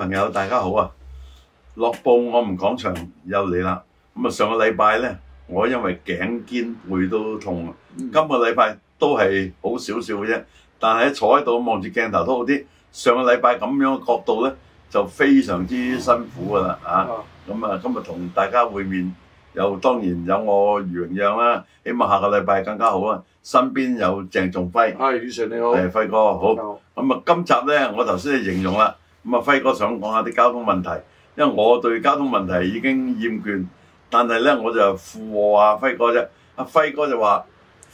朋友，大家好啊！樂報我哋講場又嚟啦。咁啊，上個禮拜咧，我因為頸肩背都痛，今個禮拜都係好少少嘅啫。但係坐喺度望住鏡頭都好啲。上個禮拜咁樣嘅角度咧，就非常之辛苦噶啦嚇。咁、嗯嗯、啊，嗯、今日同大家會面，有當然有我楊楊啦。希望下個禮拜更加好啊！身邊有鄭仲輝，係宇成你好，誒輝哥好。咁啊，今集咧，我頭先係形容啦。咁啊，輝哥想講下啲交通問題，因為我對交通問題已經厭倦，但係咧我就附和阿輝哥啫。阿輝哥就話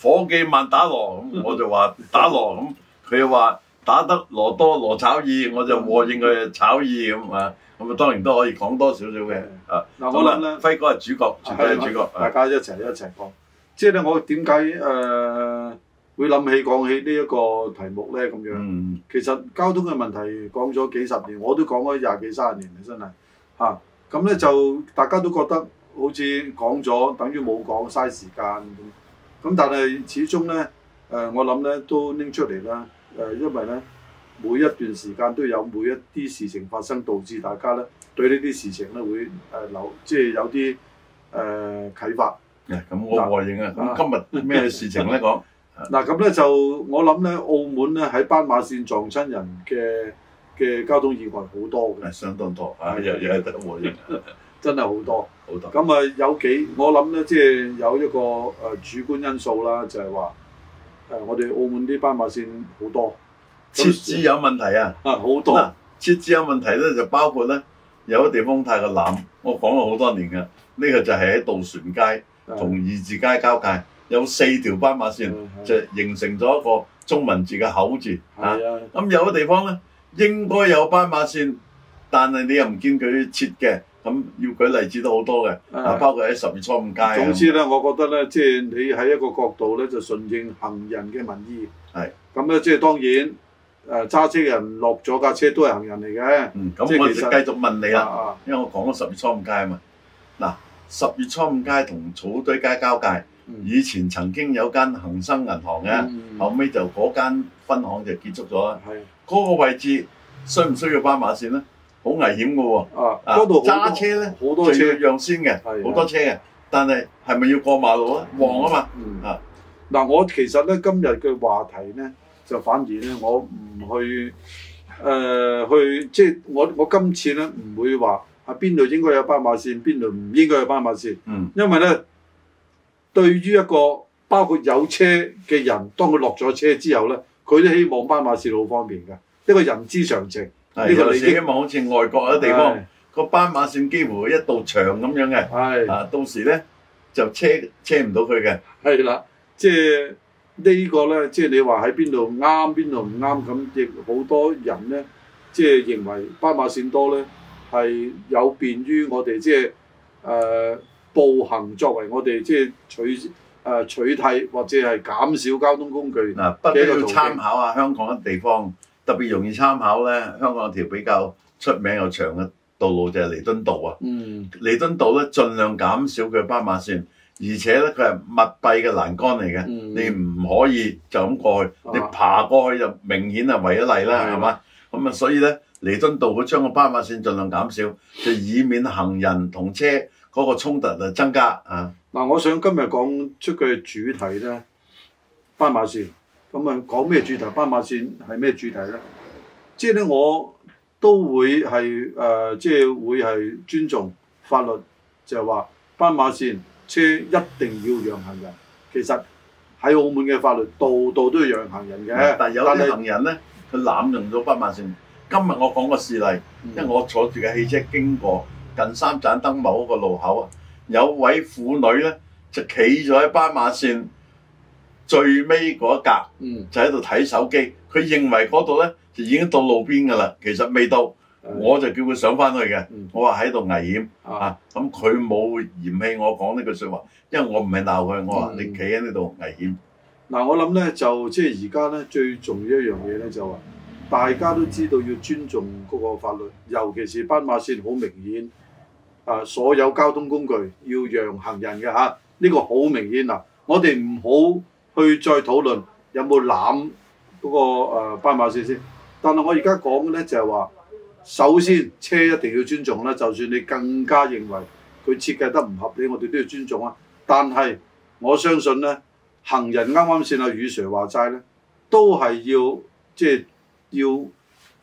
伙計慢打羅，嗯、我就話打羅咁。佢又話打得羅多羅炒意，我就和應佢炒意咁啊。咁啊，當然都可以講多少少嘅啊。嗱，我諗啦，輝哥係主角，絕對係主角，大家一齊一齊講。即係咧，我點解誒？呃會諗起講起呢一個題目咧，咁樣、嗯，其實交通嘅問題講咗幾十年，我都講咗廿幾三十年啦，真係嚇。咁、啊、咧就大家都覺得好似講咗，等於冇講嘥時間咁。但係始終咧，誒、呃、我諗咧都拎出嚟啦。誒、呃、因為咧每一段時間都有每一啲事情發生，導致大家咧對呢啲事情咧會誒留、呃，即係有啲誒啟發。咁我應啊，咁、嗯嗯嗯嗯、今日咩事情咧講？ 嗱咁咧就我諗咧，澳門咧喺斑馬線撞親人嘅嘅交通意外好多嘅，相當多啊，又又係特真係好多。好多。咁啊有幾我諗咧，即、就、係、是、有一個誒、呃、主觀因素啦，就係話誒我哋澳門啲斑馬線好多設置有問題啊，好、啊、多、啊。設置有問題咧就包括咧有啲地方太過濫，我講咗好多年嘅，呢、這個就係喺渡船街同二字街交界。有四條斑馬線，就形成咗一個中文字嘅口字㗎。咁有個地方咧應該有斑馬線，但係你又唔見佢設嘅，咁要舉例子都好多嘅。啊，包括喺十月初五街。總之咧，我覺得咧，即係你喺一個角度咧，就順應行人嘅民意。係。咁咧，即係當然，誒揸車人落咗架車都係行人嚟嘅。嗯，咁我繼續問你啦，因為我講咗十月初五街啊嘛。嗱，十月初五街同草堆街交界。以前曾經有間恒生銀行嘅、嗯嗯，後尾就嗰間分行就結束咗啦。嗰、嗰個位置需唔需要斑馬線呢？好危險嘅喎、啊！嗰度揸車咧，好多、啊、一樣先嘅，好多車嘅。但係係咪要過馬路咧？旺、嗯、啊嘛！嗯、啊嗱、啊，我其實呢今日嘅話題呢，就反而呢我唔去誒、呃、去，即係我我今次呢唔會話喺邊度應該有斑馬線，邊度唔應該有斑馬線。嗯，因為呢。對於一個包括有車嘅人，當佢落咗車之後咧，佢都希望斑馬線好方便嘅，一個人之常情。呢個你希望好似外國有啲地方個斑馬線幾乎一道牆咁樣嘅，啊到時咧就車車唔到佢嘅。係啦，即係呢個咧，即係你話喺邊度啱邊度唔啱，咁亦好多人咧，即係認為斑馬線多咧係有便於我哋即係誒，就是呃步行作為我哋即係取誒、啊、取替或者係減少交通工具嘅一個不要參考啊！香港嘅地方特別容易參考咧，香港有條比較出名又長嘅道路就係彌敦道啊！彌、嗯、敦道咧，儘量減少佢嘅斑馬線，而且咧佢係密閉嘅欄杆嚟嘅、嗯，你唔可以就咁過去，你爬過去就明顯係違例啦，係、嗯、嘛？咁啊，所以咧彌敦道會將個斑馬線儘量減少，就以免行人同車。嗰、嗰個衝突就增加啊！嗱，我想今日講出佢嘅主題咧，斑馬線咁啊，講咩主題？斑馬線係咩主題咧？即係咧，我都會係誒，即、呃、係、就係、會係尊重法律，就係話斑馬線車一定要讓行人。其實喺澳門嘅法律，度度都要讓行人嘅，但係有啲行人咧，佢濫用咗斑馬線。今日我講個事例，因為我坐住嘅汽車經過。近三盞燈某一個路口啊，有位婦女咧就企咗喺斑馬線最尾嗰一格，嗯、就喺度睇手機。佢認為嗰度咧就已經到路邊噶啦，其實未到。我就叫佢上返去嘅，嗯。我話喺度危險啊！咁佢冇嫌棄我講呢句說話，因為我唔係鬧佢，我話你企喺呢度危險。嗱、嗯嗯啊，我諗咧就即係而家咧最重要的一樣嘢咧就話，是，大家都知道要尊重嗰個法律，尤其是斑馬線好明顯。啊！所有交通工具要讓行人嘅嚇，呢、啊，這個好明顯啊！我哋唔好去再討論有冇攬嗰個斑、啊、馬線先，但係我而家講嘅咧就係、是、話，首先車一定要尊重啦，就算你更加認為佢設計得唔合理，我哋都要尊重啊！但係我相信咧，行人啱啱先啊，阿 Sir 話齋咧，都係要，即係要。就是要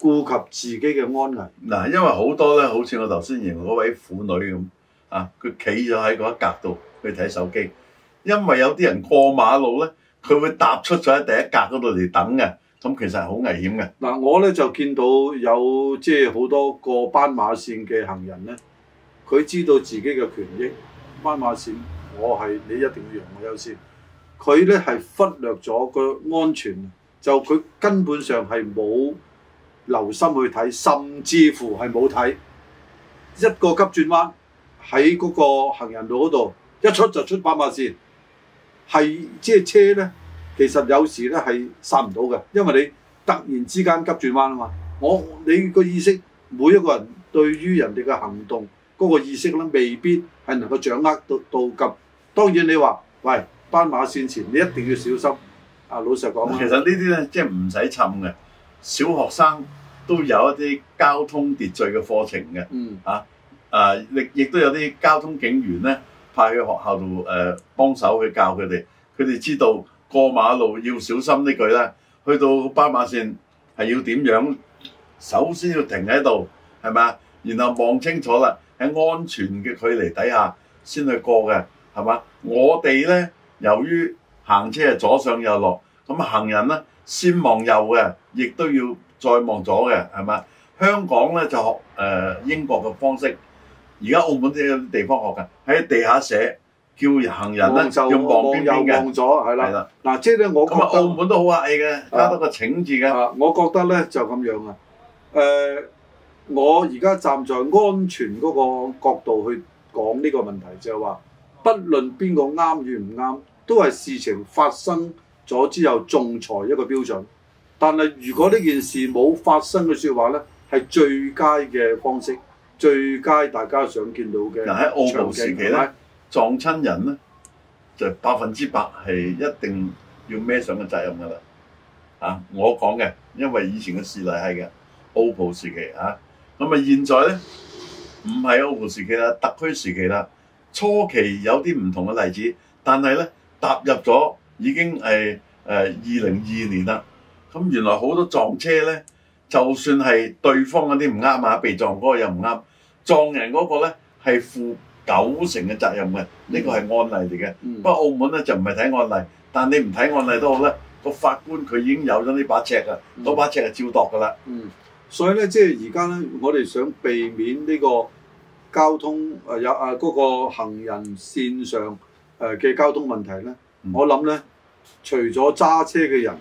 顧及自己嘅安危嗱，因為好多咧，好似我頭先形容嗰位婦女咁啊，佢企咗喺嗰一格度去睇手機，因為有啲人過馬路咧，佢會踏出咗喺第一格嗰度嚟等嘅，咁其實係好危險嘅。嗱、啊，我咧就見到有即係好多過斑馬線嘅行人咧，佢知道自己嘅權益，斑馬線我係你一定要讓我優先，佢咧係忽略咗個安全，就佢根本上係冇。留心去睇，甚至乎係冇睇一個急轉彎喺嗰個行人路嗰度，一出就出斑馬線，係即係車咧，其實有時咧係剎唔到嘅，因為你突然之間急轉彎啊嘛。我你個意識，每一個人對於人哋嘅行動嗰個意識咧，未必係能夠掌握到到急。當然你話喂，斑馬線前你一定要小心，啊，老實講其實呢啲咧即係唔使襯嘅。就是小學生都有一啲交通秩序嘅課程嘅，嚇、嗯，誒、啊，亦亦都有啲交通警員咧派去學校度誒、呃、幫手去教佢哋，佢哋知道過馬路要小心句呢句啦，去到斑馬線係要點樣？首先要停喺度，係咪啊？然後望清楚啦，喺安全嘅距離底下先去過嘅，係嘛？我哋咧由於行車係左上右落，咁行人咧。先望右嘅，亦都要再望左嘅，係咪？香港咧就學誒、呃、英國嘅方式，而家澳門啲地方學嘅喺地下寫，叫行人咧要望邊望右望左係啦。嗱、啊，即係咧，我覺得澳門都好客氣嘅，加多個請字嘅。我覺得咧就咁樣啊。誒，我而家、呃、站在安全嗰個角度去講呢個問題，就係話，不論邊個啱與唔啱，都係事情發生。咗之後，仲裁一個標準。但係如果呢件事冇發生嘅説話咧，係最佳嘅方式，最佳大家想見到嘅。嗱喺澳葡時期咧，撞親人咧，就百分之百係一定要孭上嘅責任㗎啦。嚇、啊，我講嘅，因為以前嘅事例係嘅。澳葡時期嚇、啊，咁啊現在咧，唔係澳葡時期啦，特區時期啦。初期有啲唔同嘅例子，但係咧踏入咗。已經係誒二零二二年啦，咁原來好多撞車咧，就算係對方嗰啲唔啱啊，被撞嗰個又唔啱，撞人嗰個咧係負九成嘅責任嘅，呢、嗯這個係案例嚟嘅、嗯。不過澳門咧就唔係睇案例，但你唔睇案例都好啦，個、嗯、法官佢已經有咗呢把尺嘅，嗰、嗯、把尺就照度嘅啦。嗯，所以咧即係而家咧，我哋想避免呢個交通誒有誒嗰個行人線上誒嘅交通問題咧。嗯、我諗咧，除咗揸車嘅人，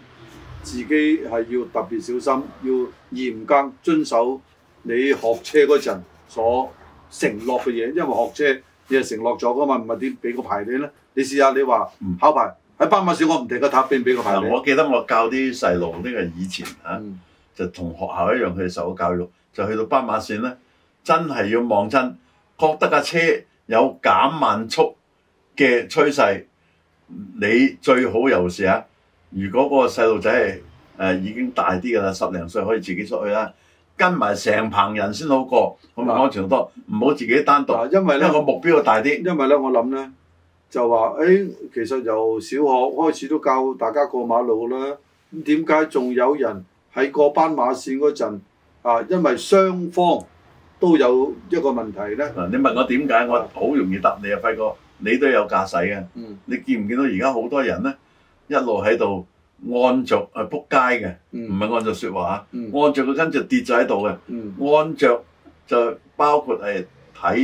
自己係要特別小心，要嚴格遵守你學車嗰陣所承諾嘅嘢。因為學車你係承諾咗㗎嘛，唔係點俾個牌你咧？你試下你話唔考牌喺斑、嗯、馬線我，我唔停個塔邊俾個牌、嗯、我記得我教啲細路，呢個以前嚇就同學校一樣，佢受咗教育就去到斑馬線咧，真係要望真，覺得架車有減慢速嘅趨勢。你最好又是啊！如果嗰個細路仔係已經大啲㗎啦，十零歲可以自己出去啦，跟埋成棚人先好過，咁安全多，唔好自己單獨。因為咧個目標大啲。因為咧我諗咧就話誒，其實由小學開始都教大家過馬路啦。咁點解仲有人喺過斑馬線嗰陣啊？因為雙方都有一個問題咧。你問我點解，我好容易答你啊，輝哥。你都有駕駛嘅，你見唔見到而家好多人咧一路喺度按著啊撲街嘅？唔係按著說話，按著佢跟住跌咗喺度嘅，按着，着，嗯、按着就包括係睇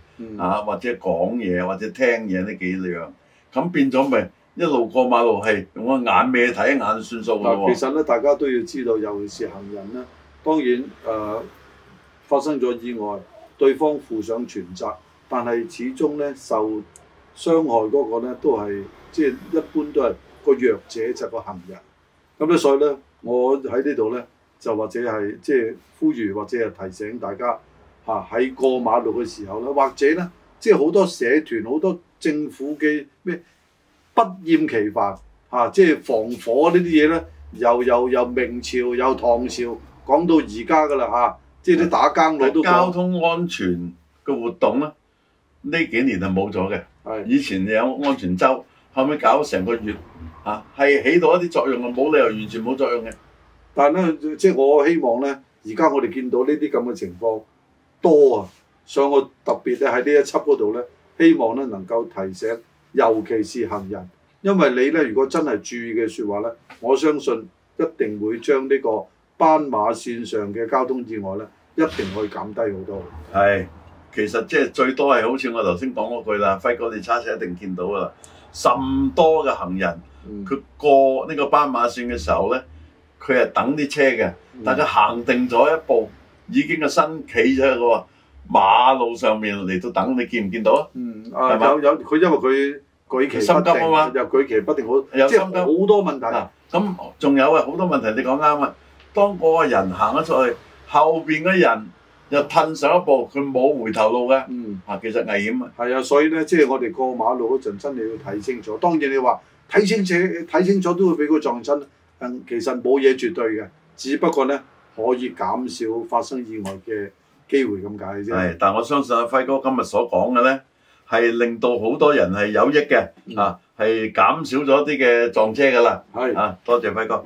嘢啊，或者講嘢或者聽嘢都幾樣，咁變咗咪一路過馬路係，用個眼咩睇一眼算數。其實咧，大家都要知道，尤其是行人咧，當然誒、呃、發生咗意外，對方負上全責。但係始終咧受傷害嗰個咧都係即係一般都係個弱者就個行人咁咧，所以咧我喺呢度咧就或者係即係呼籲或者係提醒大家喺、啊、過馬路嘅時候咧，或者咧即係好多社團好多政府嘅咩不厭其煩、啊、即係防火呢啲嘢咧，又又又明朝又唐朝講到而家噶啦嚇，即係啲打更佬都講交通安全嘅活動咧。呢幾年係冇咗嘅，以前有安全周，後尾搞成個月，嚇、啊、係起到一啲作用嘅，冇理由完全冇作用嘅。但係咧，即係我希望咧，而家我哋見到呢啲咁嘅情況多啊，所以我特別咧喺呢一輯嗰度咧，希望咧能夠提醒，尤其是行人，因為你咧如果真係注意嘅説話咧，我相信一定會將呢個斑馬線上嘅交通意外咧，一定可以減低好多嘅。係。其實即係最多係好似我頭先講嗰句啦，輝哥你差車一定見到噶啦，甚多嘅行人，佢過呢個斑馬線嘅時候咧，佢係等啲車嘅，但佢行定咗一步，已經個身企咗喺個馬路上面嚟到等你見唔見到啊？嗯，係嘛、啊？有有佢因為佢舉旗不定，心急吖嘛？有舉旗不定好，即係好多問題。咁仲有啊，好多問題你講啱啊！當嗰個人行咗出去，後邊嘅人。又褪上一步，佢冇回頭路嘅。嗯，啊，其實危險啊。係啊，所以咧，即係我哋過馬路嗰陣，真係要睇清楚。當然你話睇清楚，睇清楚都會俾佢撞親。嗯，其實冇嘢絕對嘅，只不過咧，可以減少發生意外嘅機會咁解先。係，但我相信阿、啊、輝哥今日所講嘅咧，係令到好多人係有益嘅。啊、嗯，係減少咗啲嘅撞車噶啦。係啊，多謝輝哥。